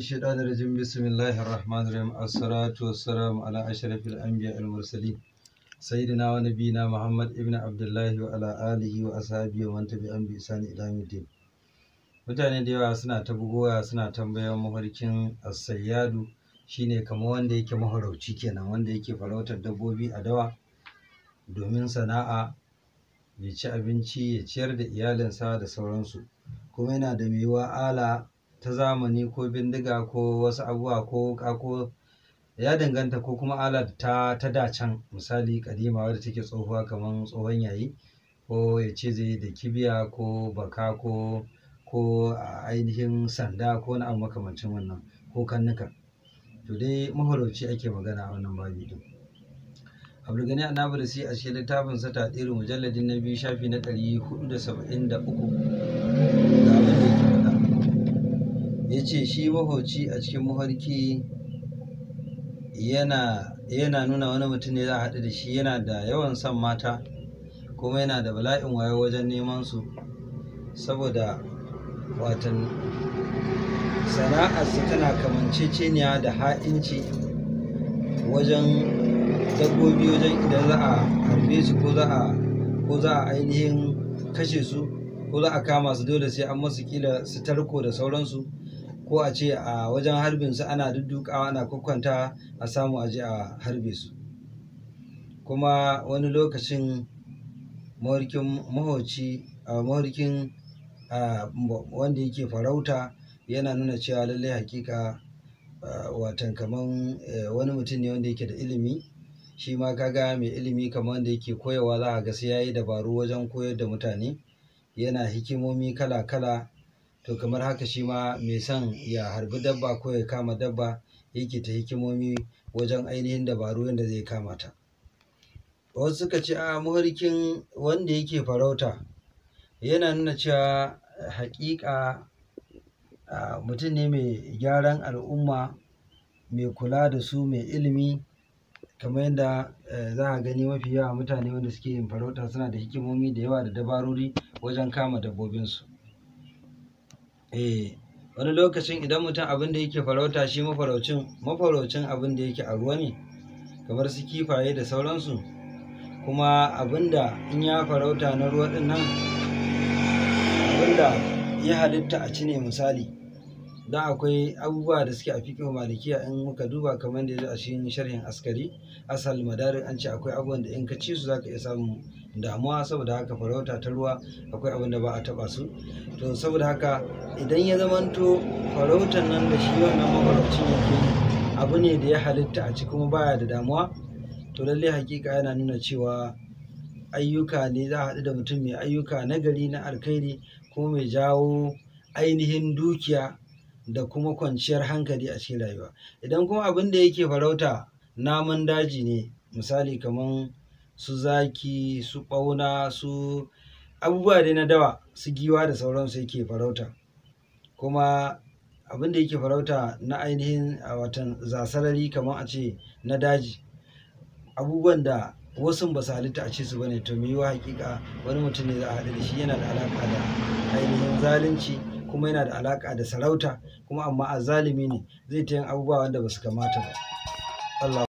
shaitan rajim bismillahir rahmanir rahim al salatu was-salamu ala ashrafil anbiya al mursalin sayyidina wa bina muhammad ibn Abdullahi wa ala alihi wa ashabihi wa man tabi'ahum bi mutane da yawa suna ta bugowa suna tambayan mafarkin sayyadu shine kamar wanda yake maharauci kenan wanda yake farautar dabbobi a dawa domin sana'a ya ci abinci ya ciyar da iyalinsa da sauransu kuma yana da maiwa ala ta zamani ko bindiga ko wasu abubuwa ko wuka ya danganta ko kuma alat ta ta dacan misali kadima wadda take tsohuwa kamar tsohon yayi ko ya ce zai da kibiya ko baka ko ko ainihin sanda ko na abu makamancin wannan ko kannuka to dai mahorauci ake magana a wannan babi din abu gani a a cikin littafin sata tadiru mujalladin na biyu shafi na ɗari hudu da saba'in da uku ce shi mahauci a cikin mafarki yana nuna wani mutum ne za a haɗu da shi yana da yawan son mata kuma yana da bala'in wayo wajen neman su saboda watan sana'arsa tana kamanceceniya da ha'inci wajen dabbobi wajen idan za a harbe su ko za a ko za a ainihin kashe su ko za a kama su dole sai an masu kila su tarko da sauransu ko a ce a wajen harbin su ana duddukawa ana kwakwanta a samu aje a harbe su kuma wani lokacin mahorkin mahauci mahorkin wanda yake farauta yana nuna cewa lallai hakika watan kaman e, wani mutum ne wanda yake da ilimi shi ma kaga mai ilimi kamar wanda yake koyarwa za a ga sai yayi dabaru wajen koyar da mutane yana hikimomi kala-kala to kamar haka shi ma mai son ya harbi dabba ko ya kama dabba yake ta hikimomi wajen ainihin dabaru yadda zai kama ta wasu suka ce a muhurkin wanda yake farauta yana nuna cewa haƙiƙa mutum ne mai gyaran al'umma mai kula da su mai ilimi kamar yadda eh, za a gani mafi yawa mutane wanda suke yin farauta suna da hikimomi da yawa da dabarori wajen kama dabbobinsu eh wani lokacin idan mutum abin da yake farauta shi mafaraucin mafaraucin abin da yake a ruwa ne kamar su kifaye da sauransu kuma abin da in ya farauta na ruwa din nan abin da ya halitta a ci ne misali don akwai abubuwa da suke a fiƙin malikiya in muka duba kamar da ya zo a cikin sharhin askari asal madarin an ce akwai abubuwan da in ka ci su za ka iya samun damuwa saboda haka farauta ta ruwa akwai abin da ba a taba su to saboda haka idan ya zamanto farautar nan da shi wannan mafaraucin yake abu ne da ya halitta a ci kuma baya da damuwa to lallai hakika yana nuna cewa ayyuka ne za a haɗu da mutum mai ayyuka na gari na alkhairi ko mai jawo ainihin dukiya da kuma kwanciyar hankali a cikin rayuwa idan kuma abin da yake farauta namun daji ne misali kamar su zaki su ɓauna su abubuwa dai na dawa su giwa da sauransu yake farauta kuma abin da yake farauta na ainihin a watan zasarari kamar a ce na daji abubuwan da wasu ba su halitta a ce su bane to mu yiwa hakika wani mutum ne za a haɗu da shi yana da alaƙa da ainihin zalunci kuma yana da alaƙa da sarauta kuma amma a zalimi ne zai ta yin abubuwa wanda ba su kamata ba